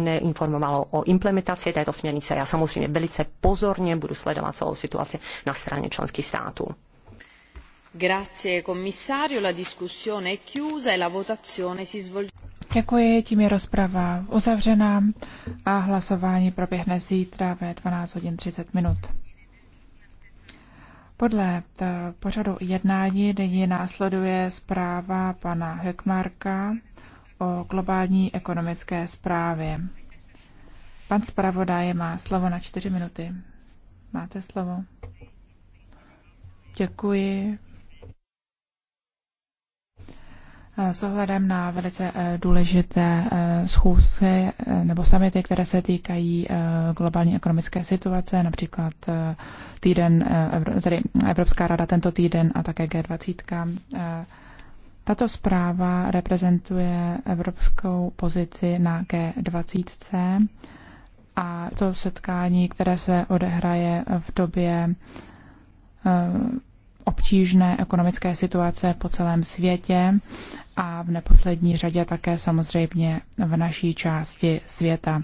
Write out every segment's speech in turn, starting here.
neinformovalo o implementaci této směrnice. Já samozřejmě velice pozorně budu sledovat celou situaci na straně členských států. Grazie commissario, la discussione è chiusa e la votazione si svolgerà. Děkuji, tím je rozprava uzavřená a hlasování proběhne zítra ve 12 hodin 30 minut. Podle eh, pořadu jednání nyní následuje zpráva pana Hökmarka o globální ekonomické zprávě. Pan zpravodaj má slovo na čtyři minuty. Máte slovo. Děkuji. S ohledem na velice eh, důležité eh, schůzky eh, nebo samity, které se týkají globální ekonomické situace, například týden, tedy Evropská rada tento týden a také G20, tato zpráva reprezentuje evropskou pozici na G20 a to setkání, které se odehraje v době eh, obtížné ekonomické situace po celém světě a v neposlední řadě také samozřejmě v naší části světa.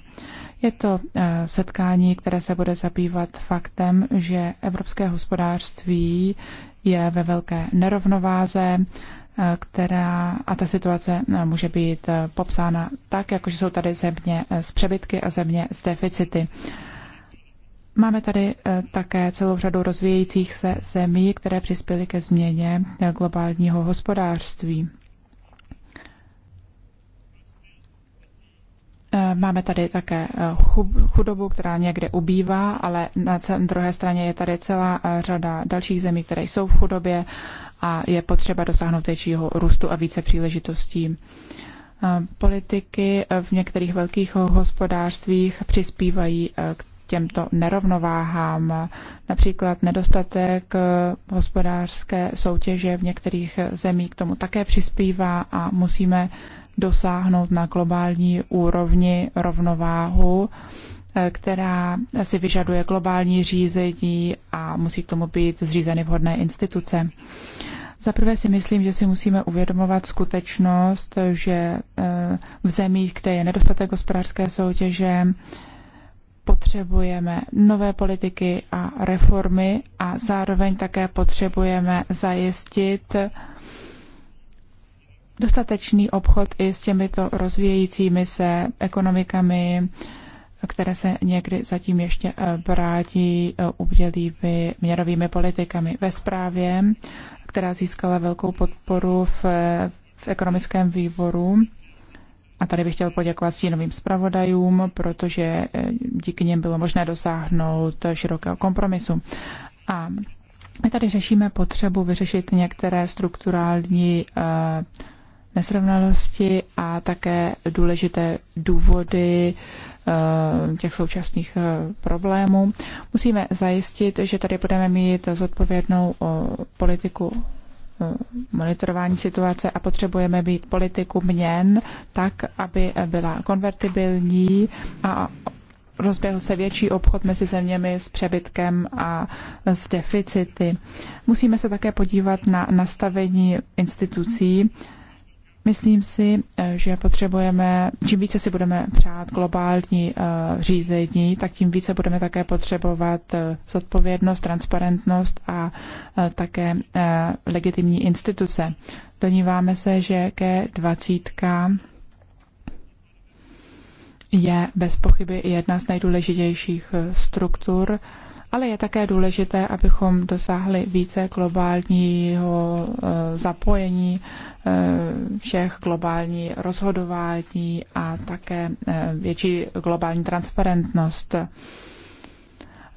Je to eh, setkání, které se bude zabývat faktem, že evropské hospodářství je ve velké nerovnováze, která, a ta situace eh, může být eh, popsána tak, jako jsou tady země eh, s přebytky a země s deficity. Máme tady také celou řadu rozvíjejících se zemí, které přispěly ke změně globálního hospodářství. Máme tady také chudobu, která někde ubývá, ale na druhé straně je tady celá řada dalších zemí, které jsou v chudobě a je potřeba dosáhnout většího růstu a více příležitostí. Eh, politiky v některých velkých hospodářstvích přispívají eh, k těmto nerovnováhám, například nedostatek eh, hospodářské soutěže v některých zemích k tomu také přispívá a musíme dosáhnout na globální úrovni rovnováhu která si vyžaduje globální řízení a musí k tomu být zřízeny vhodné instituce. Za prvé si myslím, že si musíme uvědomovat skutečnost, že eh, v zemích, kde je nedostatek hospodářské soutěže, potřebujeme nové politiky a reformy a zároveň také potřebujeme zajistit dostatečný obchod i s těmito rozvíjejícími se ekonomikami, které se někdy zatím ještě eh, brání eh, umělými měnovými politikami. Ve zprávě, která získala velkou podporu v, v ekonomickém výboru, a tady bych chtěl poděkovat stínovým zpravodajům, protože eh, díky něm bylo možné dosáhnout širokého kompromisu. A my tady řešíme potřebu vyřešit některé strukturální nesrovnalosti a také důležité důvody Eh, těch současných eh, problémů. Musíme zajistit, že tady budeme mít zodpovědnou eh, politiku monitorování situace a potřebujeme být politiku měn tak, aby byla konvertibilní a rozběhl se větší obchod mezi zeměmi s přebytkem a s deficity. Musíme se také podívat na nastavení institucí, Myslím si, eh, že potřebujeme, čím více si budeme přát globální eh, řízení, tak tím více budeme také potřebovat eh, zodpovědnost, transparentnost a také legitimní instituce. Doníváme se, že ke 20 je bez pochyby jedna z nejdůležitějších struktur, ale je také důležité, abychom dosáhli více globálního eh, zapojení eh, všech globální rozhodování a také eh, větší globální transparentnost.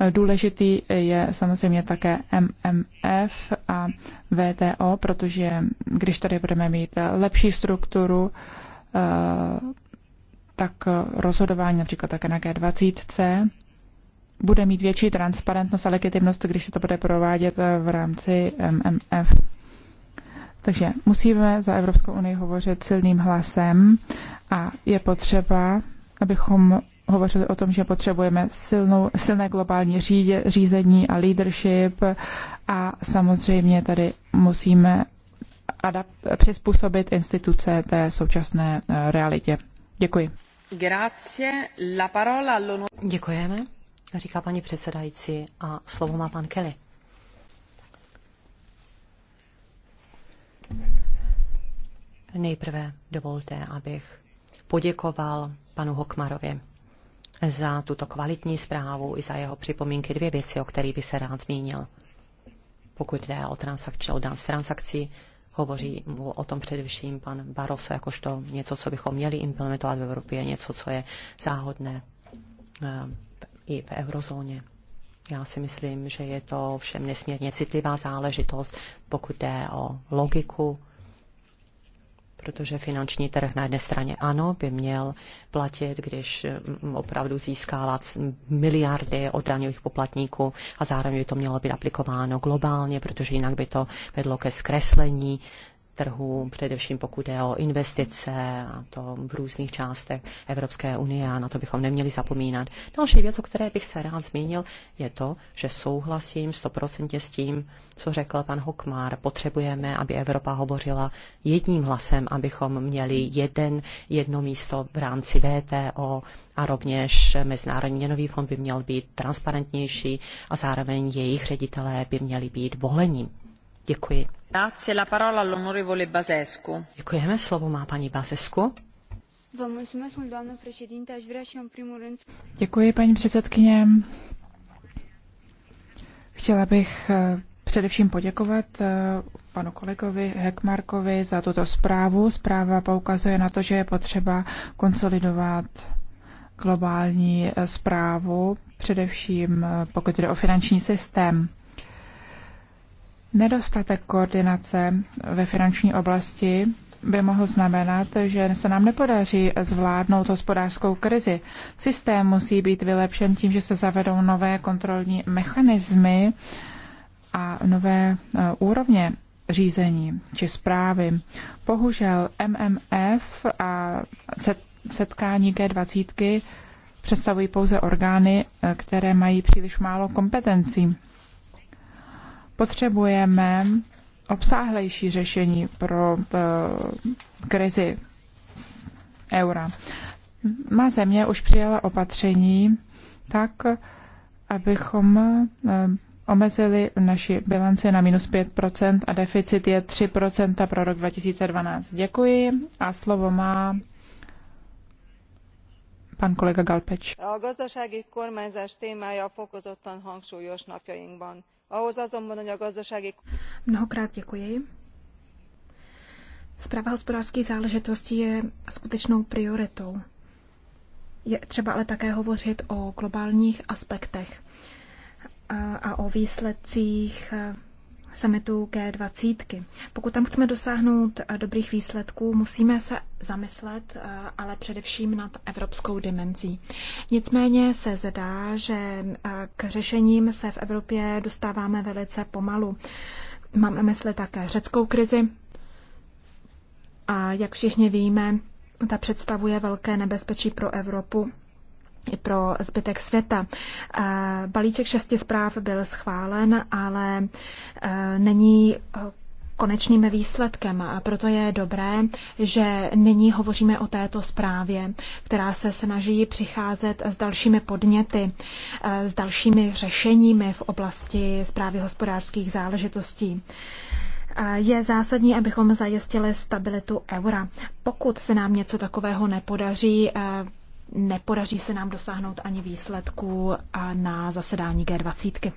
Důležitý je samozřejmě také MMF a VTO, protože když tady budeme mít lepší strukturu, tak rozhodování například také na G20 bude mít větší transparentnost a legitimnost, když se to bude provádět eh, v rámci MMF. Takže musíme za Evropskou unii hovořit silným hlasem a je potřeba, abychom hovořili o tom, že potřebujeme silnou, silné globální řídě, řízení a leadership a samozřejmě tady musíme adapt, přizpůsobit instituce té současné eh, realitě. Děkuji. Grazie. La parola Děkujeme říká paní předsedající a slovo má pan Kelly. Nejprve dovolte, abych poděkoval panu Hokmarovi za tuto kvalitní zprávu i za jeho připomínky dvě věci, o kterých by se rád zmínil. Pokud jde o transakci, o dan transakcí, hovoří mu o tom především pan Barroso jakožto něco, co bychom měli implementovat v Evropě, něco, co je záhodné eh, i v eurozóně. Já si myslím, že je to všem nesmírně citlivá záležitost, pokud jde o logiku, protože finanční trh na jedné straně ano, by měl platit, když mm, opravdu získá miliardy od daňových poplatníků a zároveň by to mělo být aplikováno globálně, protože jinak by to vedlo ke zkreslení trhu, především pokud je o investice a to v různých částech Evropské unie a na to bychom neměli zapomínat. Další věc, o které bych se rád zmínil, je to, že souhlasím 100% s tím, co řekl pan Hokmar. Potřebujeme, aby Evropa hovořila jedním hlasem, abychom měli jeden, jedno místo v rámci VTO a rovněž Mezinárodní měnový fond by měl být transparentnější a zároveň jejich ředitelé by měli být volení. Děkuji. La parola all'onorevole slovo paní Basescu. Děkuji, paní Chtěla bych eh, především poděkovat eh, panu kolegovi Hekmarkovi za tuto zprávu. Zpráva poukazuje na to, že je potřeba konsolidovat globální zprávu, eh, především pokud jde o finanční systém. Nedostatek koordinace ve finanční oblasti by mohl znamenat, že se nám nepodaří zvládnout hospodářskou krizi. Systém musí být vylepšen tím, že se zavedou nové kontrolní mechanismy a nové eh, úrovně řízení či zprávy. Bohužel MMF a setkání G20 představují pouze orgány, eh, které mají příliš málo kompetencí. Potřebujeme obsáhlejší řešení pro uh, krizi eura. Má země už přijala opatření tak, abychom uh, omezili naši bilanci na minus 5% a deficit je 3% pro rok 2012. Děkuji a slovo má pan kolega Galpeč. A témája fokozottan hangsúlyos napjainkban Ahhoz azonban, hogy a gazdasági... Mnohokrát děkuji. Zpráva hospodářských záležitostí je skutečnou prioritou. Je třeba ale také hovořit o globálních aspektech a o výsledcích summitu G20. Pokud tam chceme dosáhnout eh, dobrých výsledků, musíme se zamyslet, eh, ale především nad evropskou dimenzí. Nicméně se zdá, že eh, k řešením se v Evropě dostáváme velice pomalu. Mám na mysli také řeckou krizi. A jak všichni víme, ta představuje velké nebezpečí pro Evropu i pro zbytek světa. Eh, balíček šesti zpráv byl schválen, ale eh, není eh, konečným výsledkem. A proto je dobré, že nyní hovoříme o této zprávě, která se snaží přicházet s dalšími podněty, s dalšími řešeními v oblasti zprávy hospodářských záležitostí. Je zásadní, abychom zajistili stabilitu eura. Pokud se nám něco takového nepodaří nepodaří se nám dosáhnout ani výsledků na zasedání G20.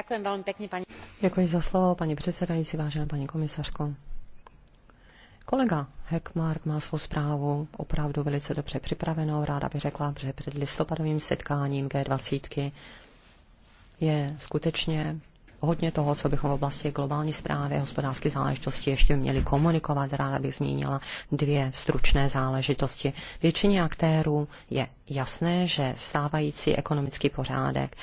Děkuji velmi pěkně, paní. Děkuji za slovo, paní předsedající, vážená paní komisařko. Kolega Heckmark má svou zprávu opravdu velice dobře připravenou. Ráda bych řekla, že před listopadovým setkáním G20 je skutečně hodně toho, co bychom v oblasti globální zprávy hospodářské záležitosti ještě měli komunikovat. Ráda bych zmínila dvě stručné záležitosti. Většině aktérů je jasné, že stávající ekonomický pořádek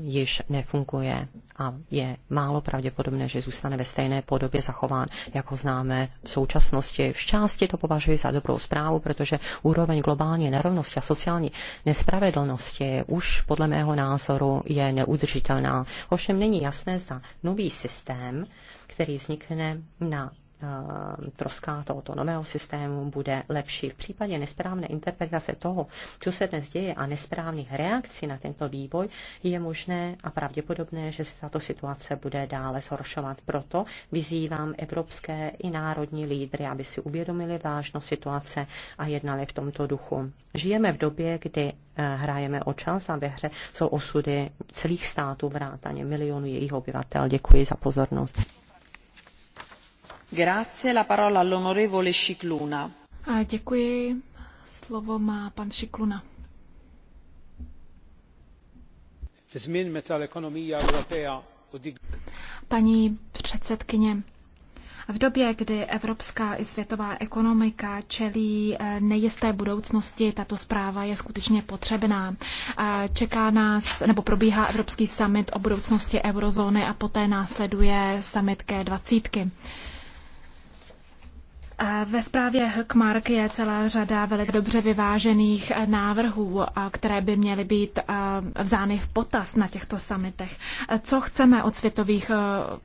již nefunguje a je málo pravděpodobné, že zůstane ve stejné podobě zachován, jako známe v současnosti. V části to považuji za dobrou zprávu, protože úroveň globální nerovnosti a sociální nespravedlnosti už podle mého názoru je neudržitelná. Ovšem není jasné, zda nový systém, který vznikne na Ehm, troská tohoto nového systému bude lepší. V případě nesprávné interpretace toho, co se dnes děje a nesprávných reakcí na tento vývoj, je možné a pravděpodobné, že se tato situace bude dále zhoršovat. Proto vyzývám evropské i národní lídry, aby si uvědomili vážnost situace a jednali v tomto duchu. Žijeme v době, kdy eh, hrajeme o čas a ve hře jsou osudy celých států vrátaně milionů jejich obyvatel. Děkuji za pozornost. Děkuji. Slovo má pan Šikluna. Paní předsedkyně, v době, kdy evropská i světová ekonomika čelí eh, nejisté budoucnosti, tato zpráva je skutečně potřebná. Čeká nás, nebo probíhá Evropský summit o budoucnosti eurozóny a poté následuje summit G20. Ve zprávě Hkmark je celá řada velice dobře vyvážených návrhů, které by měly být vzány v potaz na těchto samitech. Co chceme od světových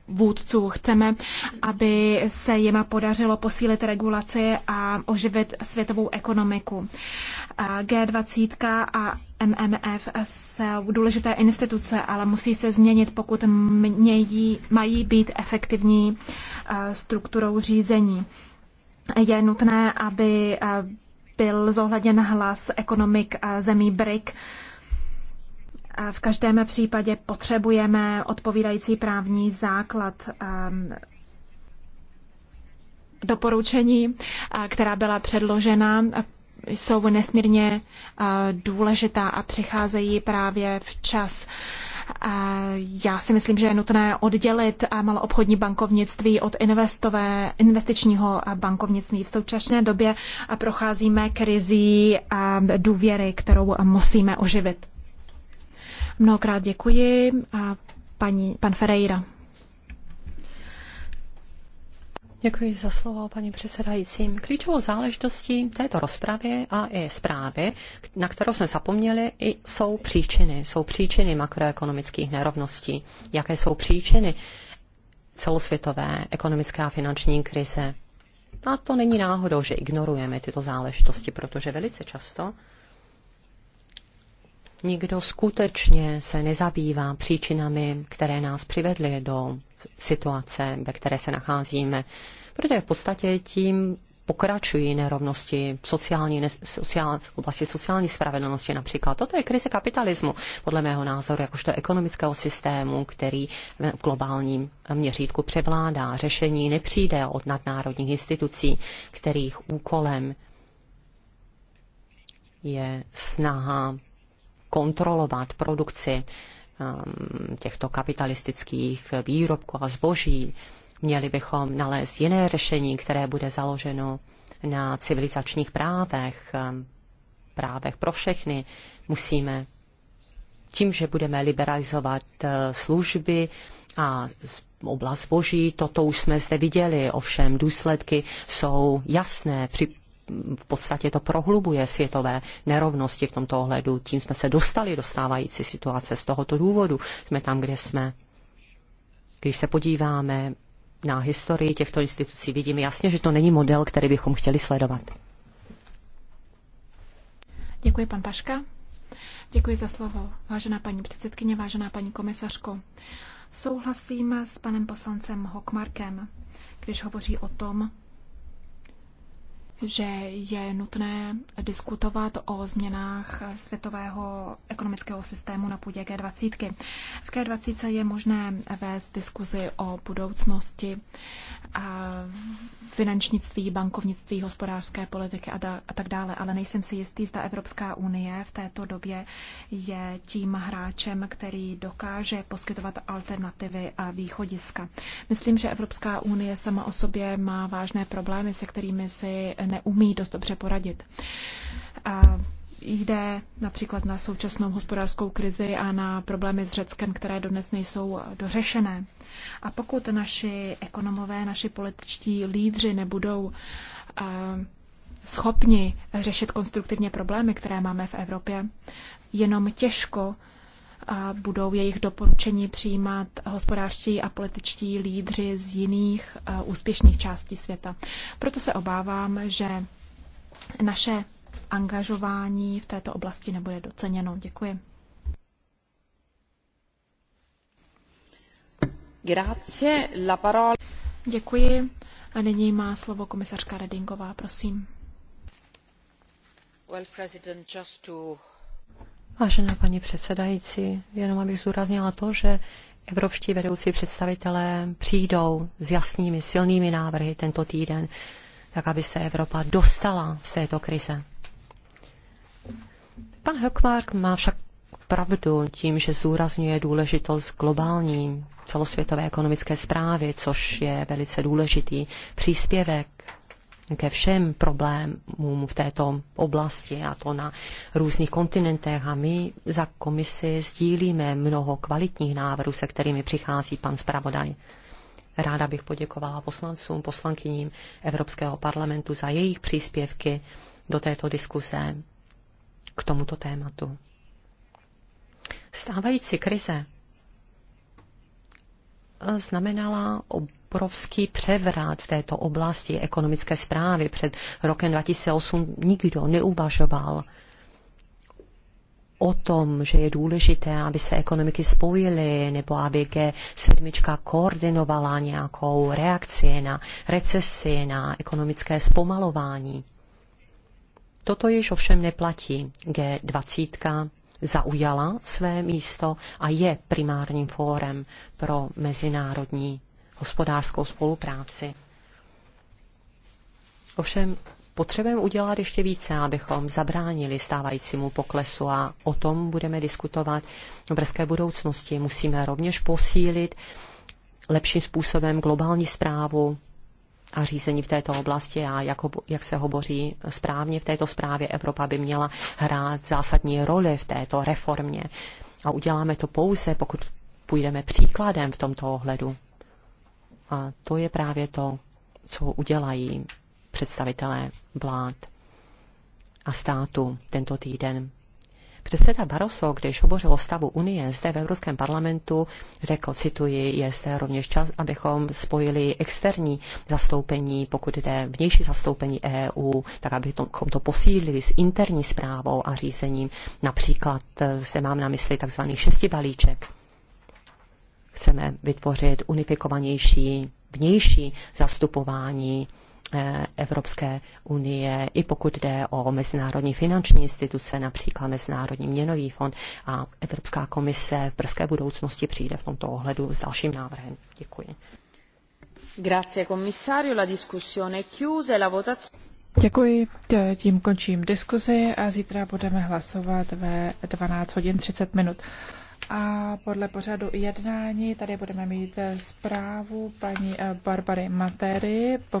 vůdců? Chceme, aby se jim podařilo posílit regulaci a oživit světovou ekonomiku. G20 a MMF jsou důležité instituce, ale musí se změnit, pokud mějí, mají být efektivní strukturou řízení je nutné, aby eh, byl zohledněn hlas ekonomik eh, zemí BRIC. Eh, v každém případě potřebujeme odpovídající právní základ ehm, doporučení, která byla předložena, jsou nesmírně důležitá a přicházejí právě včas. čas já si myslím, že je nutné oddělit maloobchodní bankovnictví od investové, investičního bankovnictví. V současné době a procházíme krizí důvěry, kterou musíme oživit. Mnohokrát děkuji. Paní, pan Ferreira. Děkuji za slovo, paní předsedající. Klíčovou záležitostí této rozpravy a i zprávy, na kterou jsme zapomněli, jsou příčiny. Jsou příčiny makroekonomických nerovností. Jaké jsou příčiny celosvětové ekonomické a finanční krize? A to není náhodou, že ignorujeme tyto záležitosti, protože velice často nikdo skutečně se nezabývá příčinami, které nás přivedly do situace, ve které se nacházíme. Protože v podstatě tím pokračují nerovnosti sociální, ne, sociál, v oblasti sociální spravedlnosti například. Toto je krize kapitalismu, podle mého názoru, jakožto ekonomického systému, který v globálním měřítku převládá. Řešení nepřijde od nadnárodních institucí, kterých úkolem je snaha kontrolovat produkci ehm, těchto kapitalistických výrobků a zboží. Měli bychom nalézt jiné řešení, které bude založeno na civilizačních právech, ehm, právech pro všechny. Musíme tím, že budeme liberalizovat eh, služby a oblast zboží, toto už jsme zde viděli, ovšem důsledky jsou jasné. Při v podstatě to prohlubuje světové nerovnosti v tomto ohledu. Tím jsme se dostali do stávající situace. Z tohoto důvodu jsme tam, kde jsme. Když se podíváme na historii těchto institucí, vidíme jasně, že to není model, který bychom chtěli sledovat. Děkuji, pan Paška. Děkuji za slovo, vážená paní předsedkyně, vážená paní komisařko. Souhlasím s panem poslancem Hokmarkem, když hovoří o tom, že je nutné diskutovat o změnách světového ekonomického systému na půdě G20. V G20 je možné vést diskuzi o budoucnosti finančnictví, bankovnictví, hospodářské politiky a, da, a tak dále, ale nejsem si jistý, zda Evropská unie v této době je tím hráčem, který dokáže poskytovat alternativy a východiska. Myslím, že Evropská unie sama o sobě má vážné problémy, se kterými si neumí dost dobře poradit. A jde například na současnou hospodářskou krizi a na problémy s Řeckem, které dodnes nejsou dořešené. A pokud naši ekonomové, naši političtí lídři nebudou eh, schopni řešit konstruktivně problémy, které máme v Evropě, jenom těžko a budou jejich doporučení přijímat hospodářští a političtí lídři z jiných eh, úspěšných částí světa. Proto se obávám, že naše angažování v této oblasti nebude doceněno. Děkuji. Grazie, la parola. Děkuji. A nyní má slovo komisařka Redingová, prosím. Well, President, just to Vážená paní předsedající, jenom abych zúraznila to, že evropští vedoucí představitelé přijdou s jasnými, silnými návrhy tento týden, tak aby se Evropa dostala z této krize. Pan Hökmark má však pravdu tím, že zdůrazňuje důležitost globální celosvětové ekonomické zprávy, což je velice důležitý příspěvek ke všem problémům v této oblasti a to na různých kontinentech. A my za komisi sdílíme mnoho kvalitních návrhů, se kterými přichází pan zpravodaj. Ráda bych poděkovala poslancům, poslankyním Evropského parlamentu za jejich příspěvky do této diskuze k tomuto tématu. Stávající krize znamenala obrovský převrat v této oblasti ekonomické zprávy. Před rokem 2008 nikdo neuvažoval o tom, že je důležité, aby se ekonomiky spojily nebo aby G7 koordinovala nějakou reakci na recesi, na ekonomické zpomalování. Toto již ovšem neplatí. G20 zaujala své místo a je primárním fórem pro mezinárodní hospodářskou spolupráci. Ovšem potřebujeme udělat ještě více, abychom zabránili stávajícímu poklesu a o tom budeme diskutovat v brzké budoucnosti. Musíme rovněž posílit lepším způsobem globální zprávu a řízení v této oblasti a jak, ho, jak se hovoří správně v této zprávě, Evropa by měla hrát zásadní roli v této reformě. A uděláme to pouze, pokud půjdeme příkladem v tomto ohledu. A to je právě to, co udělají představitelé vlád a státu tento týden. Předseda Barroso, když hovořil o stavu Unie zde v Evropském parlamentu, řekl, cituji, je zde rovněž čas, abychom spojili externí zastoupení, pokud jde vnější zastoupení EU, tak abychom to posílili s interní zprávou a řízením. Například eh, zde mám na mysli tzv. šesti balíček. Chceme vytvořit unifikovanější vnější zastupování E, Evropské unie, i pokud jde o mezinárodní finanční instituce, například Mezinárodní měnový fond a Evropská komise v brzké budoucnosti přijde v tomto ohledu s dalším návrhem. Děkuji. Grazie komisario. la discussione è chiusa e la votazione... Děkuji, tím končím diskuzi a zítra budeme hlasovat ve 12 hodin 30 minut. A podle pořadu jednání tady budeme mít zprávu paní eh, Barbary Matery.